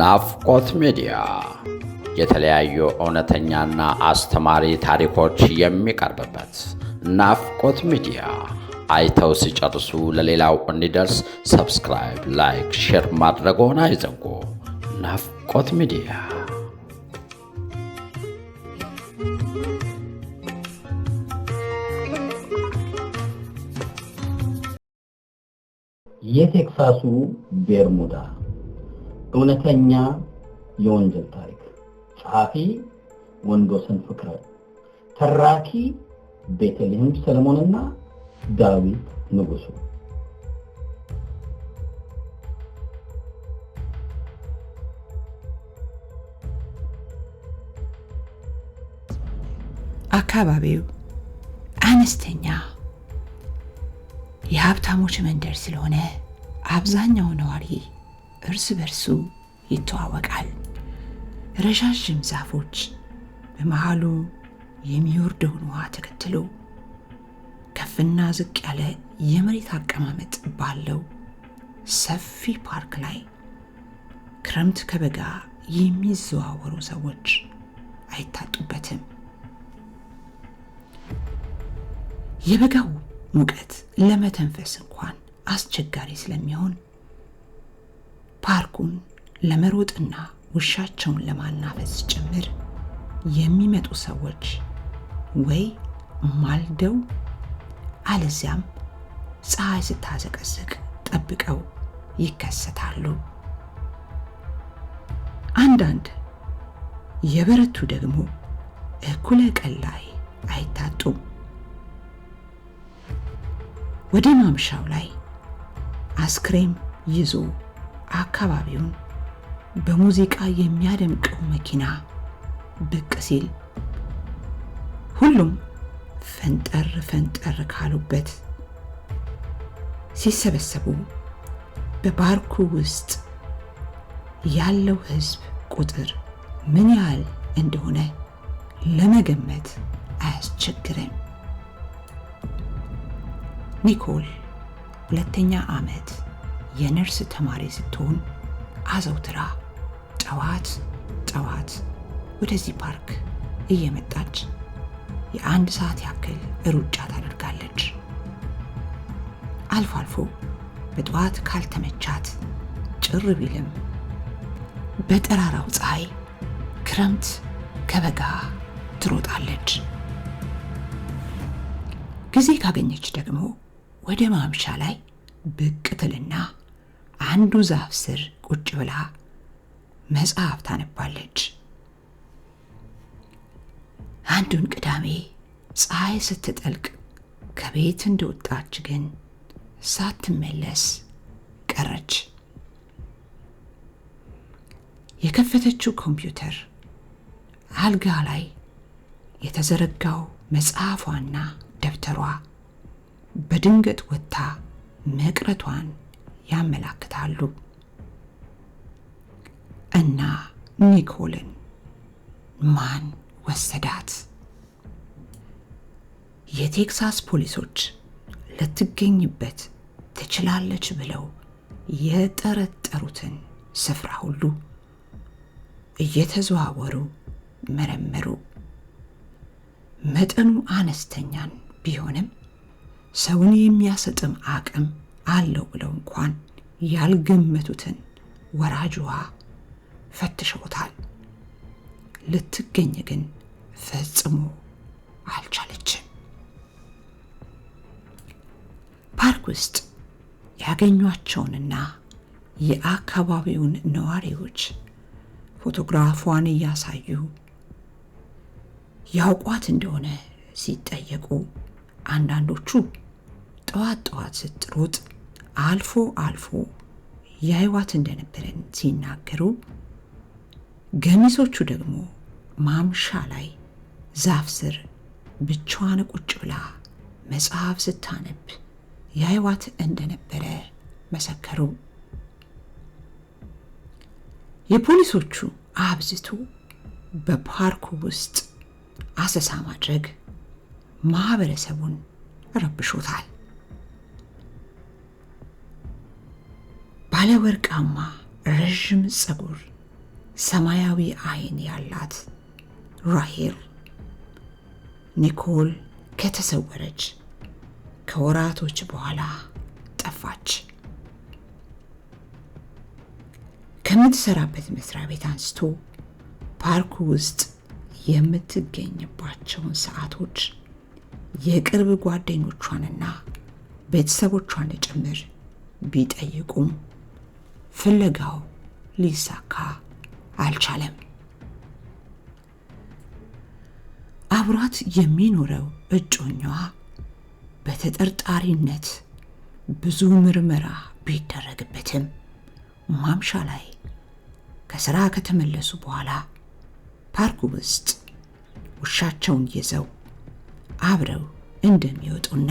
ናፍቆት ሚዲያ የተለያዩ እውነተኛና አስተማሪ ታሪኮች የሚቀርብበት ናፍቆት ሚዲያ። አይተው ሲጨርሱ ለሌላው እንዲደርስ ሰብስክራይብ፣ ላይክ፣ ሼር ማድረግዎን አይዘንጉ። ናፍቆት ሚዲያ የቴክሳሱ ቤርሙዳ እውነተኛ የወንጀል ታሪክ ጸሐፊ ወንዶሰን ፍቅረ፣ ተራኪ ቤተልሔም ሰለሞንና ዳዊት ንጉሱ። አካባቢው አነስተኛ የሀብታሞች መንደር ስለሆነ አብዛኛው ነዋሪ እርስ በርሱ ይተዋወቃል። ረዣዥም ዛፎች በመሃሉ የሚወርደውን ውሃ ተከትሎ ከፍና ዝቅ ያለ የመሬት አቀማመጥ ባለው ሰፊ ፓርክ ላይ ክረምት ከበጋ የሚዘዋወሩ ሰዎች አይታጡበትም። የበጋው ሙቀት ለመተንፈስ እንኳን አስቸጋሪ ስለሚሆን ፓርኩን ለመሮጥና ውሻቸውን ለማናፈስ ጭምር የሚመጡ ሰዎች ወይ ማልደው አለዚያም ፀሐይ ስታዘቀዝቅ ጠብቀው ይከሰታሉ። አንዳንድ የበረቱ ደግሞ እኩለ ቀን ላይ አይታጡም። ወደ ማምሻው ላይ አስክሬም ይዞ አካባቢውን በሙዚቃ የሚያደምቀው መኪና ብቅ ሲል ሁሉም ፈንጠር ፈንጠር ካሉበት ሲሰበሰቡ በፓርኩ ውስጥ ያለው ሕዝብ ቁጥር ምን ያህል እንደሆነ ለመገመት አያስቸግርም። ኒኮል ሁለተኛ ዓመት የነርስ ተማሪ ስትሆን አዘውትራ ጠዋት ጠዋት ወደዚህ ፓርክ እየመጣች የአንድ ሰዓት ያክል ሩጫ ታደርጋለች። አልፎ አልፎ በጠዋት ካልተመቻት ጭር ቢልም በጠራራው ፀሐይ ክረምት ከበጋ ትሮጣለች። ጊዜ ካገኘች ደግሞ ወደ ማምሻ ላይ ብቅ ትልና አንዱ ዛፍ ስር ቁጭ ብላ መጽሐፍ ታነባለች። አንዱን ቅዳሜ ፀሐይ ስትጠልቅ ከቤት እንደወጣች ግን ሳትመለስ ቀረች። የከፈተችው ኮምፒውተር አልጋ ላይ የተዘረጋው መጽሐፏና ደብተሯ በድንገት ወጥታ መቅረቷን ያመላክታሉ እና ኒኮልን ማን ወሰዳት? የቴክሳስ ፖሊሶች ልትገኝበት ትችላለች ብለው የጠረጠሩትን ስፍራ ሁሉ እየተዘዋወሩ መረመሩ። መጠኑ አነስተኛን ቢሆንም ሰውን የሚያሰጥም አቅም አለው ብለው እንኳን ያልገመቱትን ወራጅዋ ፈትሸውታል። ልትገኝ ግን ፈጽሞ አልቻለችም። ፓርክ ውስጥ ያገኟቸውንና የአካባቢውን ነዋሪዎች ፎቶግራፏን እያሳዩ ያውቋት እንደሆነ ሲጠየቁ አንዳንዶቹ ጠዋት ጠዋት ስትሮጥ አልፎ አልፎ የህይወት እንደነበረን ሲናገሩ፣ ገሚሶቹ ደግሞ ማምሻ ላይ ዛፍ ስር ብቻዋን ቁጭ ብላ መጽሐፍ ስታነብ የህይወት እንደነበረ መሰከሩ። የፖሊሶቹ አብዝቶ በፓርኩ ውስጥ አሰሳ ማድረግ ማህበረሰቡን ረብሾታል። ባለ ወርቃማ ረዥም ጸጉር፣ ሰማያዊ አይን ያላት ራሄል ኒኮል ከተሰወረች ከወራቶች በኋላ ጠፋች። ከምትሰራበት መስሪያ ቤት አንስቶ ፓርኩ ውስጥ የምትገኝባቸውን ሰዓቶች የቅርብ ጓደኞቿንና ቤተሰቦቿን ጭምር ቢጠይቁም ፍለጋው ሊሳካ አልቻለም። አብሯት የሚኖረው እጮኛዋ በተጠርጣሪነት ብዙ ምርመራ ቢደረግበትም ማምሻ ላይ ከስራ ከተመለሱ በኋላ ፓርኩ ውስጥ ውሻቸውን ይዘው አብረው እንደሚወጡና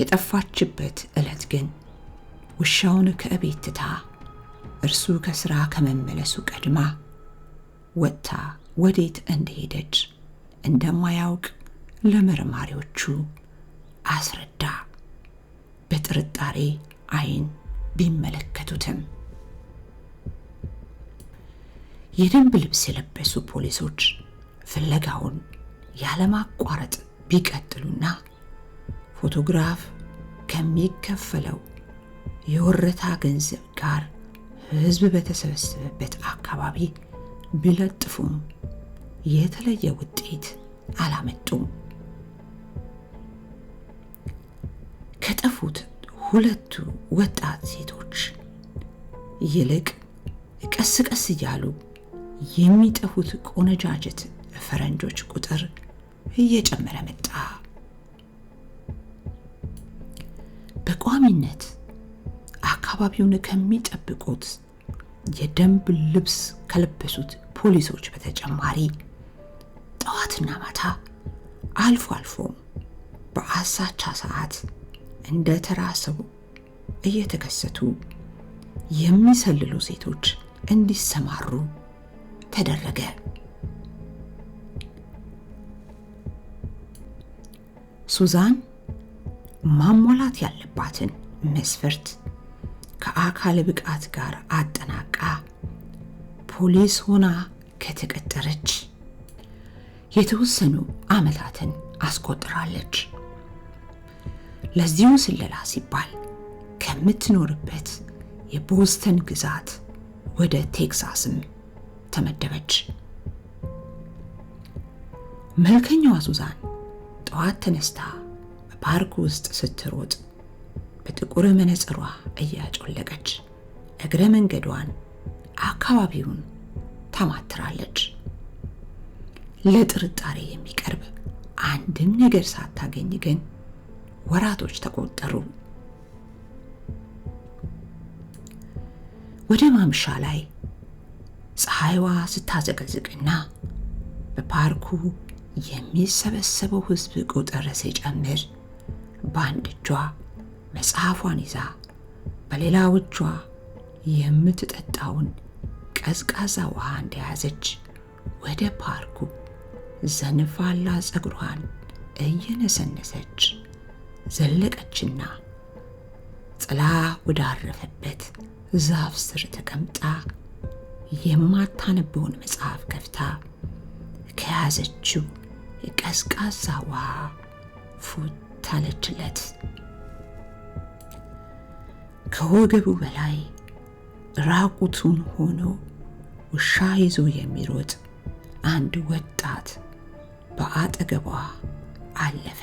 የጠፋችበት ዕለት ግን ውሻውን ከእቤት ትታ እርሱ ከሥራ ከመመለሱ ቀድማ ወጥታ ወዴት እንደሄደች እንደማያውቅ ለመርማሪዎቹ አስረዳ። በጥርጣሬ አይን ቢመለከቱትም የደንብ ልብስ የለበሱ ፖሊሶች ፍለጋውን ያለማቋረጥ ቢቀጥሉና ፎቶግራፍ ከሚከፈለው የወረታ ገንዘብ ጋር ህዝብ በተሰበሰበበት አካባቢ ቢለጥፉም የተለየ ውጤት አላመጡም። ከጠፉት ሁለቱ ወጣት ሴቶች ይልቅ ቀስ ቀስ እያሉ የሚጠፉት ቆነጃጀት ፈረንጆች ቁጥር እየጨመረ መጣ። በቋሚነት አካባቢውን ከሚጠብቁት የደንብ ልብስ ከለበሱት ፖሊሶች በተጨማሪ ጠዋትና ማታ አልፎ አልፎ በአሳቻ ሰዓት እንደ ተራ ሰው እየተከሰቱ የሚሰልሉ ሴቶች እንዲሰማሩ ተደረገ። ሱዛን ማሟላት ያለባትን መስፈርት ከአካል ብቃት ጋር አጠናቃ ፖሊስ ሆና ከተቀጠረች የተወሰኑ ዓመታትን አስቆጥራለች። ለዚሁ ስለላ ሲባል ከምትኖርበት የቦስተን ግዛት ወደ ቴክሳስም ተመደበች። መልከኛዋ ሱዛን ጠዋት ተነስታ በፓርክ ውስጥ ስትሮጥ በጥቁር መነጽሯ እያጮለቀች እግረ መንገዷን አካባቢውን ተማትራለች። ለጥርጣሬ የሚቀርብ አንድም ነገር ሳታገኝ ግን ወራቶች ተቆጠሩ። ወደ ማምሻ ላይ ፀሐይዋ ስታዘቀዝቅና በፓርኩ የሚሰበሰበው ሕዝብ ቁጥር ሲጨምር በአንድ እጇ መጽሐፏን ይዛ በሌላዎቿ የምትጠጣውን ቀዝቃዛ ውሃ እንደያዘች ወደ ፓርኩ ዘንፋላ ጸጉሯን እየነሰነሰች ዘለቀችና ጥላ ወዳረፈበት ዛፍ ስር ተቀምጣ የማታነበውን መጽሐፍ ከፍታ ከያዘችው ቀዝቃዛ ውሃ ፉት አለችለት። ከወገቡ በላይ ራቁቱን ሆኖ ውሻ ይዞ የሚሮጥ አንድ ወጣት በአጠገቧ አለፈ።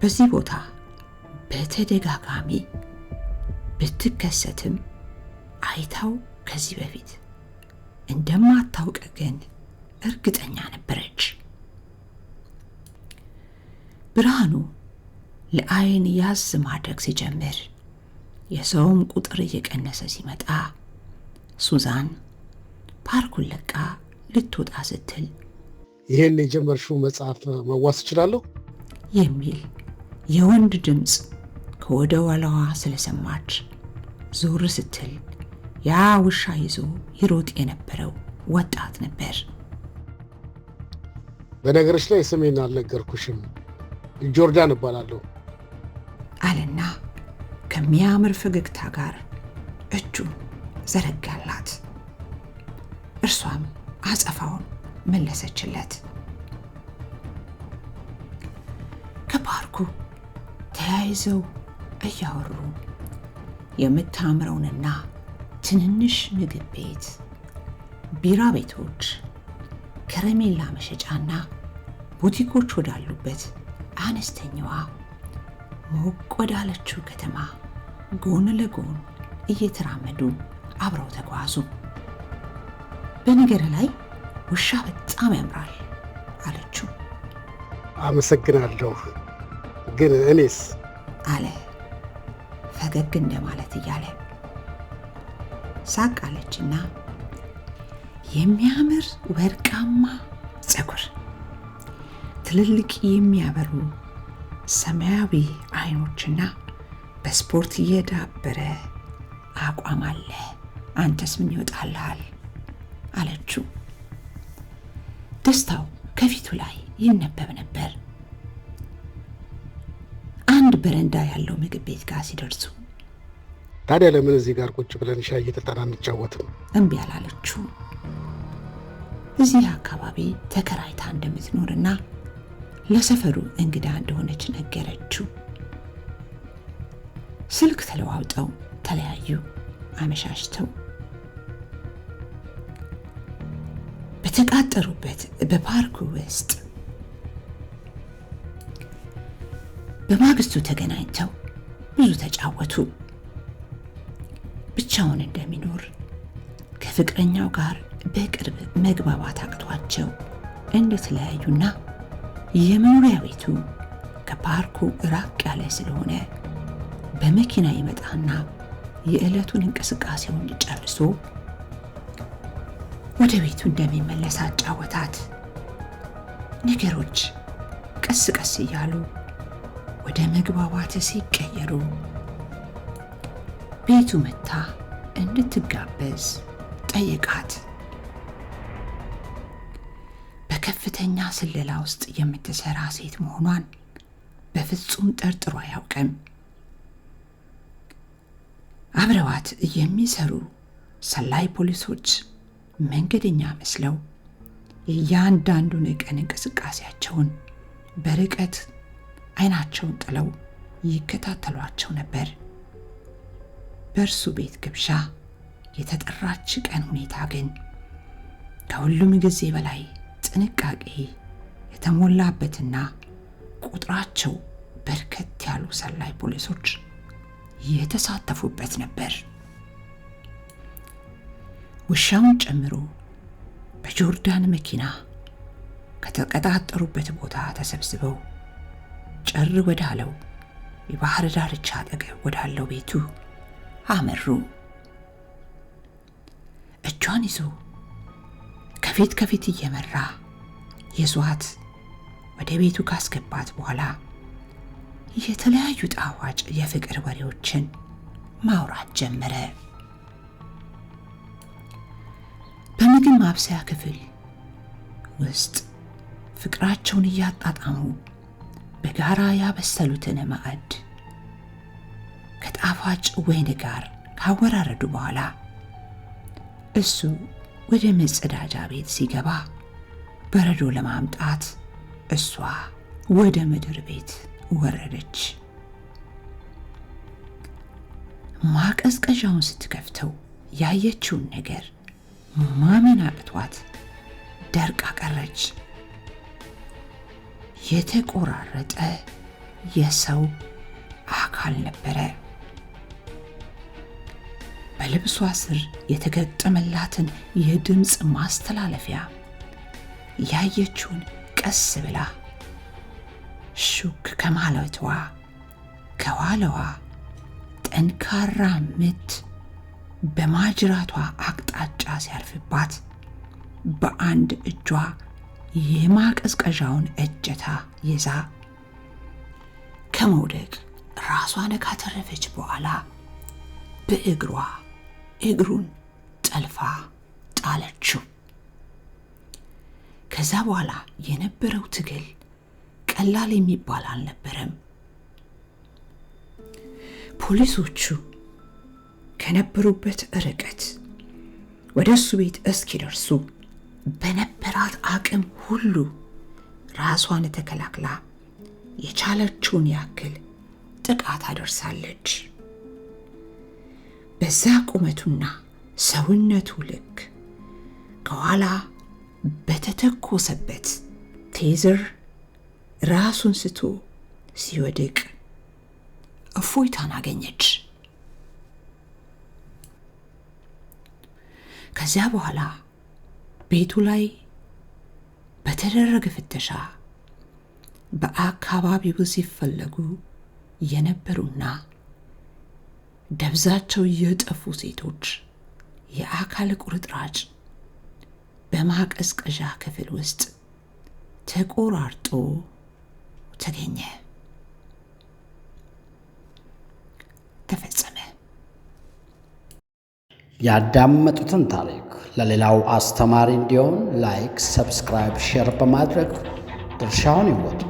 በዚህ ቦታ በተደጋጋሚ ብትከሰትም አይታው ከዚህ በፊት እንደማታውቅ ግን እርግጠኛ ነበረች። ብርሃኑ ለአይን ያዝ ማድረግ ሲጀምር የሰውም ቁጥር እየቀነሰ ሲመጣ ሱዛን ፓርኩን ለቃ ልትወጣ ስትል ይህን የጀመርሽው መጽሐፍ መዋስ እችላለሁ የሚል የወንድ ድምፅ ከወደ ኋላዋ ስለሰማች ዞር ስትል ያ ውሻ ይዞ ይሮጥ የነበረው ወጣት ነበር። በነገሮች ላይ ስሜን አልነገርኩሽም። ጆርዳን እባላለሁ። አለና ከሚያምር ፈገግታ ጋር እጁን ዘረጋላት። እርሷም አጸፋውን መለሰችለት። ከፓርኩ ተያይዘው እያወሩ የምታምረውንና ትንንሽ ምግብ ቤት፣ ቢራ ቤቶች፣ ከረሜላ መሸጫና ቡቲኮች ወዳሉበት አነስተኛዋ ሞቅ ወዳለችው ከተማ ጎን ለጎን እየተራመዱ አብረው ተጓዙ። በነገር ላይ ውሻ በጣም ያምራል አለችው። አመሰግናለሁ፣ ግን እኔስ አለ ፈገግ እንደማለት እያለ ሳቅ አለችና የሚያምር ወርቃማ ፀጉር፣ ትልልቅ የሚያበሩ ሰማያዊ አይኖችና በስፖርት እየዳበረ አቋም አለ። አንተስ ምን ይወጣልሃል? አለችው። ደስታው ከፊቱ ላይ ይነበብ ነበር። አንድ በረንዳ ያለው ምግብ ቤት ጋር ሲደርሱ ታዲያ ለምን እዚህ ጋር ቁጭ ብለን ሻይ እየጠጣን አንጫወትም? እምቢ አላለችው። እዚህ አካባቢ ተከራይታ እንደምትኖርና ለሰፈሩ እንግዳ እንደሆነች ነገረችው። ስልክ ተለዋውጠው ተለያዩ። አመሻሽተው በተቃጠሩበት በፓርኩ ውስጥ በማግስቱ ተገናኝተው ብዙ ተጫወቱ። ብቻውን እንደሚኖር ከፍቅረኛው ጋር በቅርብ መግባባት አቅቷቸው እንደተለያዩና የመኖሪያ ቤቱ ከፓርኩ ራቅ ያለ ስለሆነ በመኪና ይመጣና የዕለቱን እንቅስቃሴውን ጨርሶ ወደ ቤቱ እንደሚመለስ አጫወታት። ነገሮች ቀስ ቀስ እያሉ ወደ መግባባት ሲቀየሩ ቤቱ መታ እንድትጋበዝ ጠይቃት በከፍተኛ ስለላ ውስጥ የምትሰራ ሴት መሆኗን በፍጹም ጠርጥሮ አያውቅም። አብረዋት የሚሰሩ ሰላይ ፖሊሶች መንገደኛ መስለው የእያንዳንዱን ቀን እንቅስቃሴያቸውን በርቀት አይናቸውን ጥለው ይከታተሏቸው ነበር። በእርሱ ቤት ግብዣ የተጠራች ቀን ሁኔታ ግን ከሁሉም ጊዜ በላይ ጥንቃቄ የተሞላበትና ቁጥራቸው በርከት ያሉ ሰላይ ፖሊሶች የተሳተፉበት ነበር። ውሻውን ጨምሮ በጆርዳን መኪና ከተቀጣጠሩበት ቦታ ተሰብስበው ጨር ወዳለው የባህር ዳርቻ አጠገብ ወዳለው ቤቱ አመሩ። እጇን ይዞ ከፊት ከፊት እየመራ የዟት ወደ ቤቱ ካስገባት በኋላ የተለያዩ ጣፋጭ የፍቅር ወሬዎችን ማውራት ጀመረ። በምግብ ማብሰያ ክፍል ውስጥ ፍቅራቸውን እያጣጣሙ በጋራ ያበሰሉትን ማዕድ ከጣፋጭ ወይን ጋር ካወራረዱ በኋላ እሱ ወደ መጸዳጃ ቤት ሲገባ በረዶ ለማምጣት እሷ ወደ ምድር ቤት ወረደች። ማቀዝቀዣውን ስትከፍተው ያየችውን ነገር ማመን አቅቷት ደርቃ ቀረች። የተቆራረጠ የሰው አካል ነበረ። በልብሷ ስር የተገጠመላትን የድምፅ ማስተላለፊያ ያየችውን ቀስ ብላ ሹክ ከማለቷ ከኋላዋ ጠንካራ ምት በማጅራቷ አቅጣጫ ሲያርፍባት በአንድ እጇ የማቀዝቀዣውን እጀታ ይዛ ከመውደቅ ራሷን ካተረፈች በኋላ በእግሯ እግሩን ጠልፋ ጣለችው። ከዛ በኋላ የነበረው ትግል ቀላል የሚባል አልነበረም። ፖሊሶቹ ከነበሩበት ርቀት ወደ እሱ ቤት እስኪደርሱ በነበራት አቅም ሁሉ ራሷን ተከላክላ የቻለችውን ያክል ጥቃት አደርሳለች። በዛ ቁመቱና ሰውነቱ ልክ ከኋላ በተተኮሰበት ቴዘር ራሱን ስቶ ሲወድቅ እፎይታን አገኘች። ከዚያ በኋላ ቤቱ ላይ በተደረገ ፍተሻ በአካባቢው ሲፈለጉ የነበሩና ደብዛቸው የጠፉ ሴቶች የአካል ቁርጥራጭ በማቀዝቀዣ ክፍል ውስጥ ተቆራርጦ ተገኘ። ተፈጸመ። ያዳመጡትን ታሪክ ለሌላው አስተማሪ እንዲሆን ላይክ፣ ሰብስክራይብ፣ ሼር በማድረግ ድርሻውን ይወጡ።